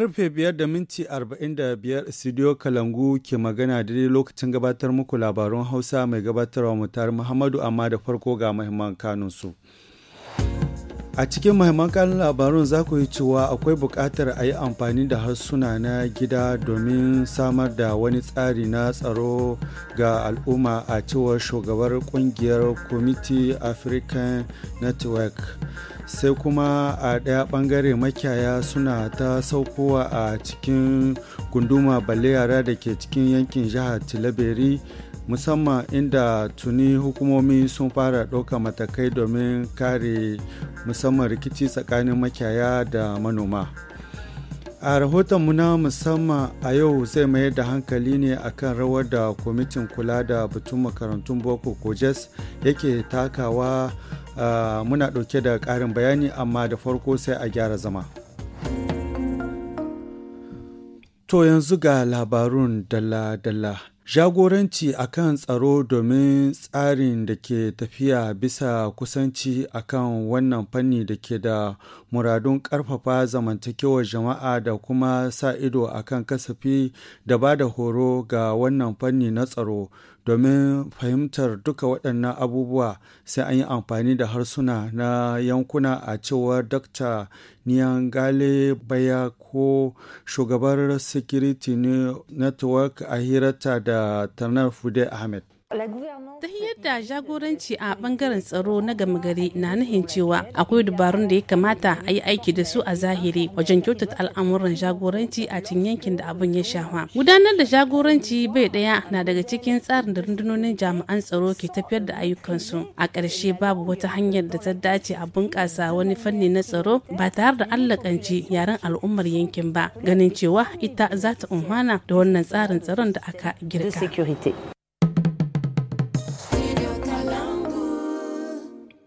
Karfe biyar da minti arba'in da biyar Studio Kalangu ke magana da lokacin gabatar muku labarun Hausa mai gabatarwa mutar Muhammadu amma da farko ga mahimman kanunsu. su. A cikin mahimman kanun labarun za ku yi cewa akwai buƙatar a yi amfani da harsuna na gida domin samar da wani tsari na tsaro ga al'umma a cewar shugabar kungiyar Committee African Network. Sai kuma a ɗaya ɓangare makiyaya suna ta saukowa a cikin gunduma balle yara da ke cikin yankin jihar Tilaberi musamman inda tuni hukumomi sun fara ɗauka matakai domin kare musamman rikici tsakanin makiyaya da manoma a rahotonmu na musamman a yau zai mayar da hankali ne akan rawar da kwamitin kula da batun makarantun boko ko kojes yake takawa muna ɗauke da ƙarin bayani amma da farko sai a gyara zama to yanzu ga labarun dalla-dalla Jagoranci a kan tsaro domin tsarin da ke tafiya bisa kusanci a kan wannan fanni da ke da muradun ƙarfafa zamantakewar jama'a da kuma sa ido a kan kasafi da ba da horo ga wannan fanni na tsaro domin fahimtar duka waɗannan abubuwa sai an yi amfani da harsuna na yankuna a cewar dr niangale baya ko shugabar security network a hirarta da tanar fude ahmed Ta yadda jagoranci a bangaren tsaro na gama gari na nahin cewa akwai dabarun da ya kamata a yi aiki da su a zahiri wajen kyautata al'amuran jagoranci a cikin yankin da abin ya shafa. Gudanar da jagoranci bai ɗaya na daga cikin tsarin da rundunonin jami'an tsaro ke tafiyar da ayyukansu. A ƙarshe babu wata hanyar da ta dace a bunƙasa wani fanni na tsaro ba tare da allakanci yaren al'ummar yankin ba ganin cewa ita za ta umana da wannan tsarin tsaron da aka girka.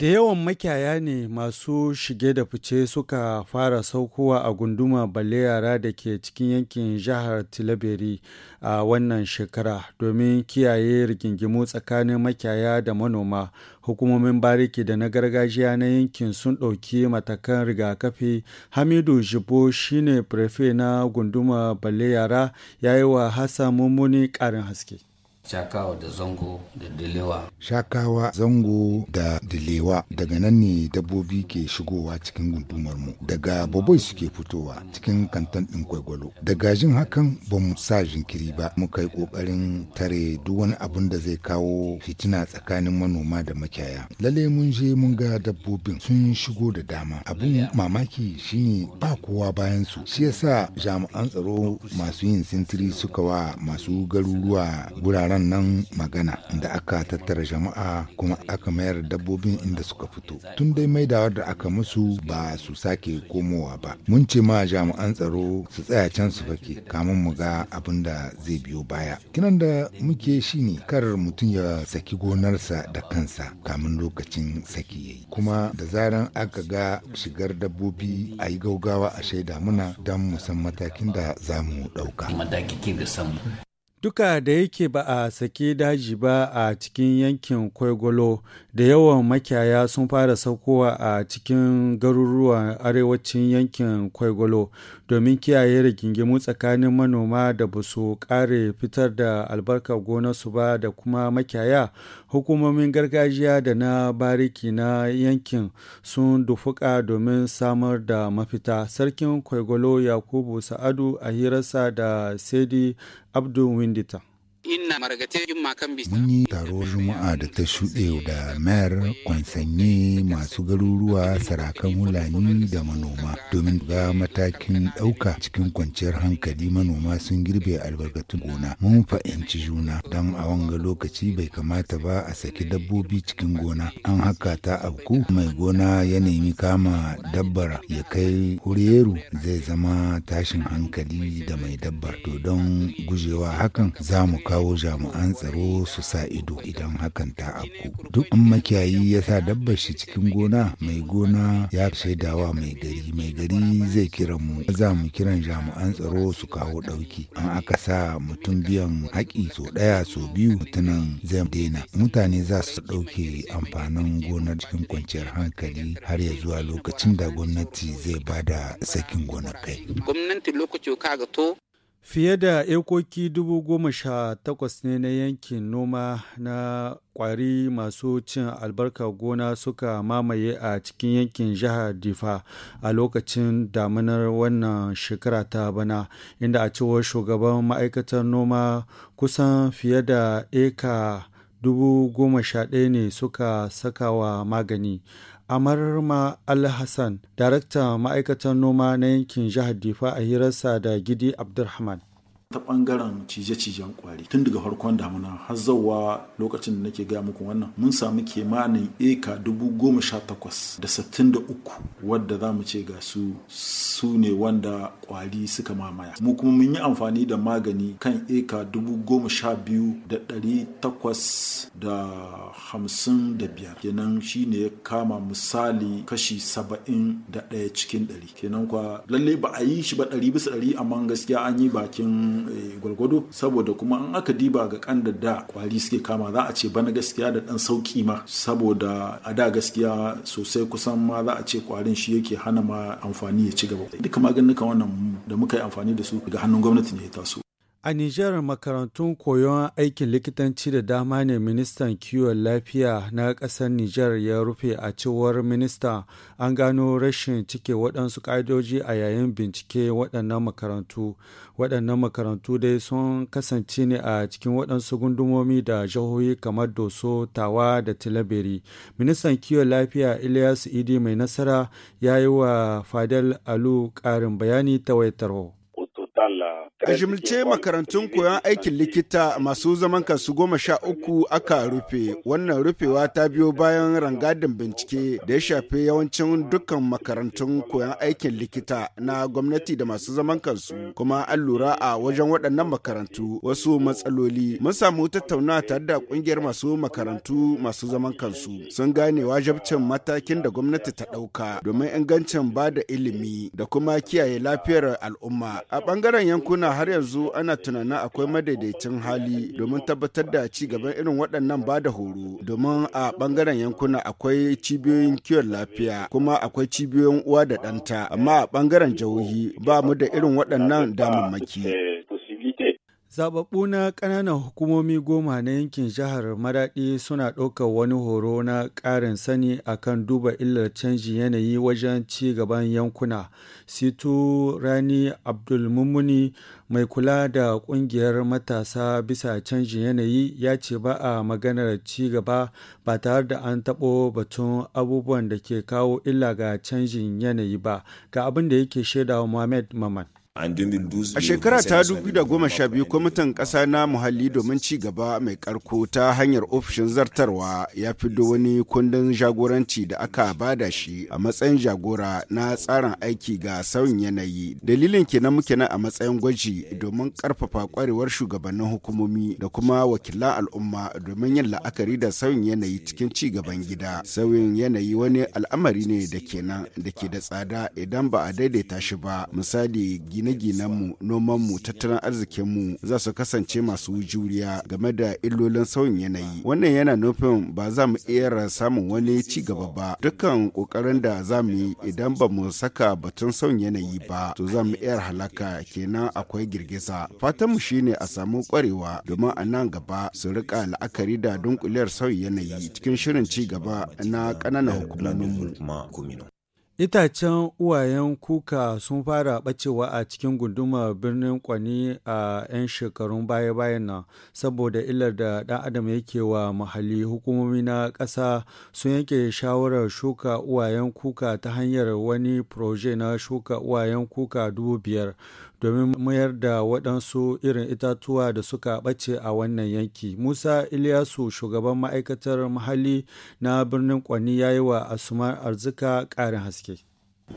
Da yawan makiyaya ne masu shige da fice suka fara saukowa a gunduma balle da ke cikin yankin jihar Tilaberi a wannan shekara domin kiyaye rigingimu tsakanin makiyaya da manoma. Hukumomin bariki da na gargajiya na yankin sun ɗauki matakan rigakafi. Hamidu Jibo shine prefe na gunduma balle yara ya yi wa Hassan Mummuni ƙarin haske. Shakawa da Zango da Dilewa. Shakawa, Zango da Dilewa daga nan ne dabbobi ke shigowa cikin gundumar mu. Daga babai suke fitowa cikin kantan ɗin kwaigwalo. Daga jin hakan ba mu sa jinkiri ba muka yi ƙoƙarin tare duk wani abin da zai kawo fitina tsakanin manoma da makiyaya. Lalle mun je mun ga dabbobin sun shigo da dama. Abin mamaki shine ba kowa bayan su. Shi yasa jami'an tsaro masu yin sintiri suka wa masu garuruwa guraren wannan magana da aka tattara jama'a kuma aka mayar dabbobin inda suka fito tun dai maidawar da aka musu ba su sake komowa ba mun ce ma jami'an tsaro su tsaya can su fake kamun mu ga abin da zai biyo baya kinan da muke shi ne kar mutum ya saki gonarsa da kansa kamun lokacin saki ya yi kuma da zaran aka ga shigar dabbobi a yi gaugawa a shaida muna don musan matakin da za mu ɗauka. Duka da yake ba a sake daji ba a cikin yankin Kwaigolo da yawan makiyaya sun fara saukowa a cikin garuruwan arewacin yankin Kwaigolo domin kiyaye rigingimu tsakanin manoma da ba su kare fitar da albarkar gonarsu ba da kuma makiyaya hukumomin gargajiya da na bariki na yankin sun dufuka domin samar da mafita. Sarkin Kwaigolo Yakubu Sa'adu a hirarsa da Sedi Abdulwin Data. na juma'a kan bisa. Mun yi taro juma'a da ta shuɗe da mayar kwansanye masu garuruwa sarakan hulani da manoma domin ga matakin ɗauka cikin kwanciyar hankali manoma sun girbe albarkatun gona. Mun fahimci juna don a wanga lokaci bai kamata ba a saki dabbobi cikin gona. An haka ta abku mai gona ya nemi kama dabbara ya kai hureru zai zama tashin hankali da mai dabbar to don gujewa hakan za mu kawo jami'an tsaro su sa ido idan hakan ta abu. Duk an makiyayi ya sa dabbar shi cikin gona mai gona ya shaidawa mai gari mai gari zai kira mu za mu kiran jami'an tsaro su kawo ɗauki. An aka sa mutum biyan haƙi so ɗaya so biyu mutumin zai daina. Mutane za su ɗauke amfanin gonar cikin kwanciyar hankali har ya zuwa lokacin da gwamnati zai bada sakin gonar kai. Gwamnati lokacin ga to Fiye da ekoki dubu goma sha takwas ne na yankin noma na kwari masu cin albarka gona suka mamaye a cikin yankin jihar Difa a lokacin damunar wannan shekara ta bana, inda a cewar shugaban ma'aikatar noma kusan fiye da eka dubu goma sha ɗaya ne suka saka wa magani Amarma Al-Hassan, daraktan ma'aikatan noma na yankin jihar Difa a hirarsa da Gidi Abdulrahman. ta bangaren cije-cijen kwari tun daga farkon damuna har zauwa lokacin da nake gaya muku wannan mun samu kimanin eka dubu goma sha takwas da sittin da uku wadda za mu ce ga su su ne wanda kwari suka mamaya mu kuma mun yi amfani da magani kan eka dubu goma sha biyu da ɗari takwas da hamsin da biyar kenan shi ne ya kama misali kashi saba'in da ɗaya cikin ɗari kenan kwa lallai ba a yi shi ba ɗari bisa ɗari amma gaskiya an yi bakin Eh, gwalgwado saboda kuma an aka diba ga kan da da kwari suke kama za a ce bana gaskiya da dan sauki ma saboda a da gaskiya sosai kusan ma za a ce kwarin shi yake hana ma amfani ya ci gaba duka maganin wannan da muka yi amfani da su ga hannun gwamnati ne ya taso A Nijar makarantun koyon aikin likitanci da dama ne ministan kiwon lafiya na ƙasar Nijar ya rufe a cewar minista an gano rashin cike waɗansu ƙa'idoji a yayin bincike waɗannan makarantu. Waɗannan makarantu dai sun kasance ne a cikin waɗansu gundumomi da jihohi kamar Doso, Tawa da Tilaberi. Ministan kiwon lafiya Ilyas Idi mai nasara ya yi wa Fadel Alu ƙarin bayani ta waitarwa. A jimilce makarantun koyon aikin likita masu zaman kansu goma sha uku aka rufe. Wannan rufewa ta biyo bayan rangadin bincike da ya shafi yawancin dukkan makarantun koyon aikin likita na gwamnati da masu zaman kansu. Kuma an lura a wajen waɗannan makarantu wasu matsaloli. Mun samu tattauna tare da ƙungiyar masu makarantu masu zaman kansu. Sun gane wajabcin matakin da gwamnati ta ɗauka domin ingancin ba da ilimi da kuma kiyaye lafiyar al'umma. A ɓangaren yankuna A har yanzu ana tunanin akwai madaidaicin hali domin tabbatar da ci gaban irin waɗannan ba da horo domin a ɓangaren yankuna akwai cibiyoyin kiwon lafiya kuma akwai cibiyoyin uwa da ɗanta amma a ɓangaren jihohi ba mu da irin waɗannan damammaki. zababu na ƙananan hukumomi goma na yankin jihar Maraɗi suna ɗaukar wani horo na ƙarin sani akan duba illar canji yanayi wajen ci gaban yankuna. Situ Rani Abdulmumuni mai kula da ƙungiyar matasa bisa canjin yanayi ya ce ba a maganar ci gaba ba tare da an taɓo batun abubuwan da ke kawo illa ga canjin yanayi ba. Ga abin da yake shaidawa muhammad Maman. A shekara ta biyu, kwamitin ƙasa na muhalli domin ci gaba mai ƙarko ta hanyar ofishin zartarwa ya fido wani kundin jagoranci da aka bada shi a matsayin jagora na tsarin aiki ga sauyin yanayi. Dalilin kenan muke nan a matsayin gwaji domin ƙarfafa ƙwarewar shugabannin hukumomi da kuma wakilan al'umma domin yin la'akari da sauyin yanayi cikin ci gaban gida. Sauyin yanayi wani al'amari ne da kenan da ke da tsada idan ba a daidaita shi ba misali gine-ginenmu nomanmu tattalin arzikinmu za su kasance masu juriya game da illolin sauyin yanayi wannan yana nufin ba za mu iya samun wani ci gaba ba dukkan kokarin da za mu yi idan ba mu saka batun sauyin yanayi ba to za mu iya halaka kenan akwai girgiza fatanmu shine a samu kwarewa domin a nan gaba su rika la'akari da dunkuliyar sauyin yanayi cikin shirin ci gaba na ƙananan mu Itacen uwayen kuka sun fara bacewa a cikin gundumar birnin Kwani a 'yan shekarun baya-bayan nan saboda illar da ɗan adam yake wa mahalli hukumomi na ƙasa sun yanke shawarar shuka uwayen kuka ta hanyar wani proje na shuka uwayen kuka dubu biyar domin mayar da waɗansu irin itatuwa da suka ɓace a wannan yanki. Musa Iliyasu shugaban ma'aikatar mahalli na birnin Kwani ya yi wa Asumar Arzika ƙarin haske.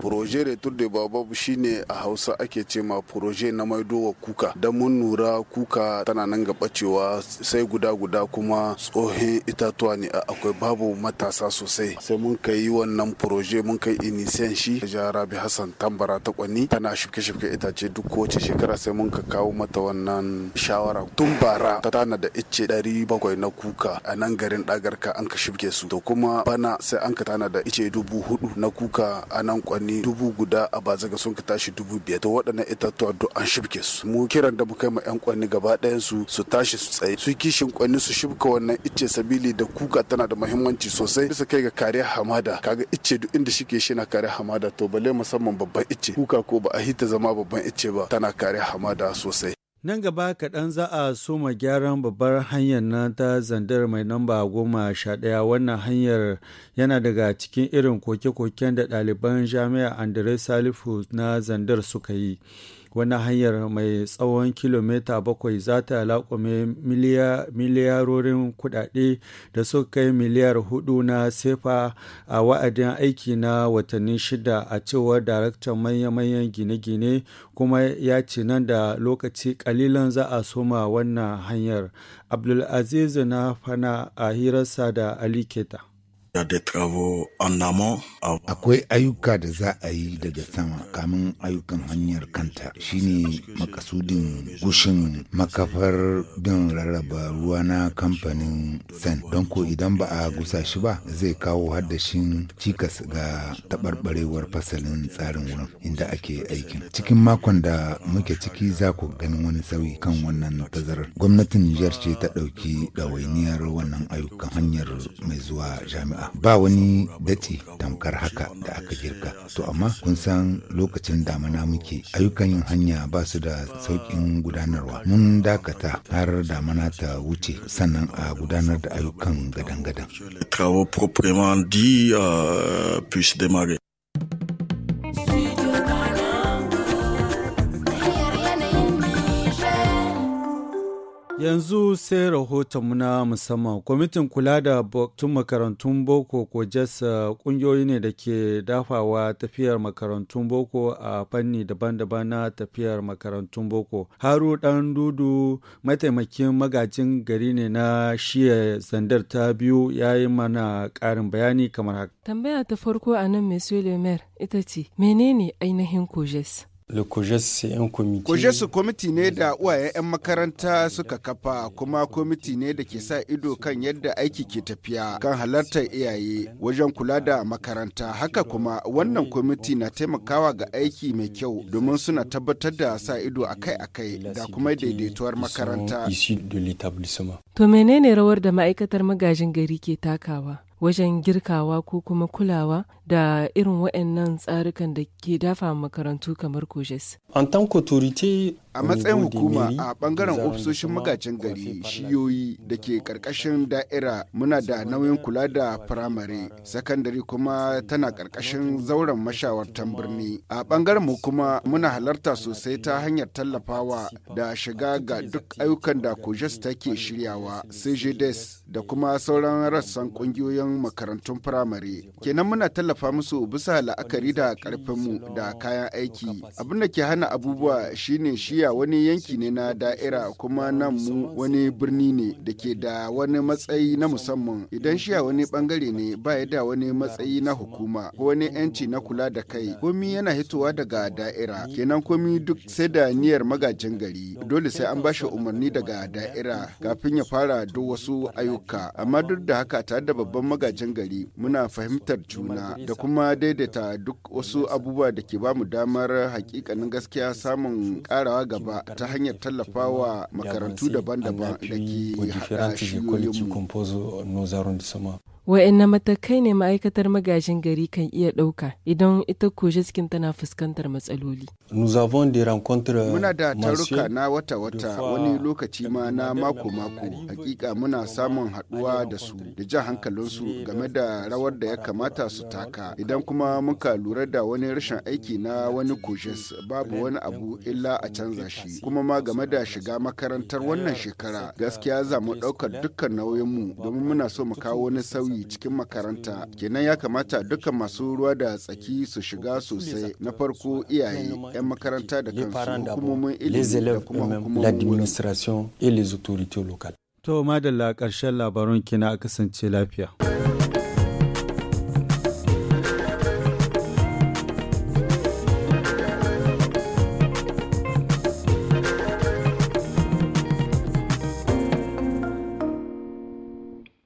Proje de da Bababu shine a Hausa ake ce ma proje na maidowa kuka. Da mun nura kuka tana nan ga bacewa sai guda guda kuma tsohon itatuwa ne akwai babu matasa sosai. Sai mun kai wannan proje mun kai inisiyan shi Jarabi Hassan Tambara ta kwani tana shifke-shifke itace duk kowace shekara sai mun ka kawo mata wannan shawara. Tun bara ta tana da icce ɗari bakwai na kuka a nan garin ɗagarka an ka shifke su. To kuma bana sai an ka tana da icce dubu hudu na kuka a nan kwani mutane dubu guda a bazaga sun ka tashi dubu biyar to waɗannan itatuwa duk an shibke su mu kiran da muka yi ma yan kwanni gaba ɗayan su su tashi su tsaye su kishin kwanni su shibka wannan ice sabili da kuka tana da muhimmanci sosai bisa kai ga kariyar hamada kaga icce duk inda shike shi na kariyar hamada to bale musamman babban ice. kuka ko ba a hita zama babban ice ba tana kariyar hamada sosai Nan gaba kaɗan za a soma gyaran babbar hanyar na ta zandar mai namba goma sha ɗaya wannan hanyar yana daga cikin irin koke-koken da ɗaliban jami'a Andres Salifu na zandar suka yi. wani hanyar mai tsawon kilomita bakwai za ta laƙume miliyarorin kuɗaɗe da suka kai miliyar hudu na sefa a wa'adin aiki na watanni shida a cewar daraktan manya-manyan gine-gine kuma ya ce nan da lokaci kalilan za a soma wannan hanyar abdulaziz na fana a hirarsa da ali keta da de travo en amont. Akwai ayyuka da za a yi daga sama kamin ayyukan hanyar kanta shine makasudin gushin makafar bin rarraba ruwa na kamfanin sen don ko idan ba a gusa shi ba zai kawo haddashin cikas ga taɓarɓarewar fasalin tsarin wurin inda ake aikin. Cikin makon da muke ciki za ku ganin wani sauyi kan wannan tazarar. Gwamnatin Nijar ce ta ɗauki ɗawainiyar wannan ayyukan hanyar mai zuwa jami'a jama'a ba wani dace tamkar haka da aka girka to amma kun san lokacin damana muke ayyukan yin hanya ba su da sauƙin gudanarwa mun dakata har damana ta wuce sannan a gudanar da ayyukan gadan-gadan Yanzu sai rahotonmu na musamman. Kwamitin kula da batun makarantun boko ko jasa e uh, kungiyoyi ne da ke dafawa tafiyar makarantun boko a fanni daban-daban na tafiyar makarantun boko. Haru dan dudu mataimakin magajin gari ne na shiya zandar ta biyu ya yi mana karin bayani kamar haka. Tambaya ta farko a nan mai ita ce, menene ainihin kojes? Kojes kwamiti ne da uwayen 'yan makaranta suka kafa kuma kwamiti ne da ke sa ido kan yadda aiki ke tafiya kan halartar iyaye wajen kula da makaranta. Haka kuma wannan kwamiti na taimakawa ga aiki mai kyau domin suna tabbatar da sa ido akai-akai da kuma daidaituwar makaranta. To menene rawar da ma'aikatar magajin gari ke takawa? wajen girkawa ko kuma kulawa da irin waɗannan tsarukan da ke dafa makarantu kamar kojes. An tan a matsayin hukuma a bangaren ofisoshin magajin gari shiyoyi da ke karkashin da'ira muna da nauyin kula da firamare sakandare kuma tana karkashin zauren mashawartan birni a bangaren hukuma, muna halarta sosai ta hanyar tallafawa da shiga ga duk ayyukan da kojes take shiryawa cgds da kuma sauran rassan kungiyoyin makarantun firamare kenan muna tallafa musu bisa la'akari da karfinmu da kayan aiki abin da ke hana abubuwa shine shi Najeriya wani yanki ne na da'ira kuma nan mu wani birni ne da ke da wani matsayi na musamman idan shiya wani bangare ne ba ya da wani matsayi na hukuma ko wani yanci na kula da kai komi yana hitowa daga da'ira kenan komi duk sai da niyyar magajin gari dole sai an bashi umarni daga da'ira kafin ya fara duk wasu ayyuka amma duk da haka tare da babban magajin gari muna fahimtar juna da kuma daidaita duk wasu abubuwa da ke bamu damar hakikanin gaskiya samun karawa gaba ta hanyar tallafawa makarantu daban-daban da ke haɗa mu. Wa'anne matakai ne ma'aikatar magajin gari kan iya ɗauka idan ita kojiskin tana fuskantar matsaloli? Muna da taruka na wata-wata wani lokaci ma na mako-mako. Hakika muna samun haɗuwa da su da jan hankalinsu game da rawar da ya kamata su taka. Idan kuma muka lura da wani rashin aiki na wani koshes babu wani abu illa a canza shi. Kuma ma game da shiga makarantar wannan shekara gaskiya za mu ɗaukar dukkan nauyinmu domin muna so mu kawo wani sauyi sauyi cikin makaranta kenan ya kamata dukkan masu ruwa da tsaki su shiga sosai na farko iyaye 'yan makaranta da kansu hukumomin ilimi da kuma hukumomin To madalla ƙarshen labarun kina kasance lafiya.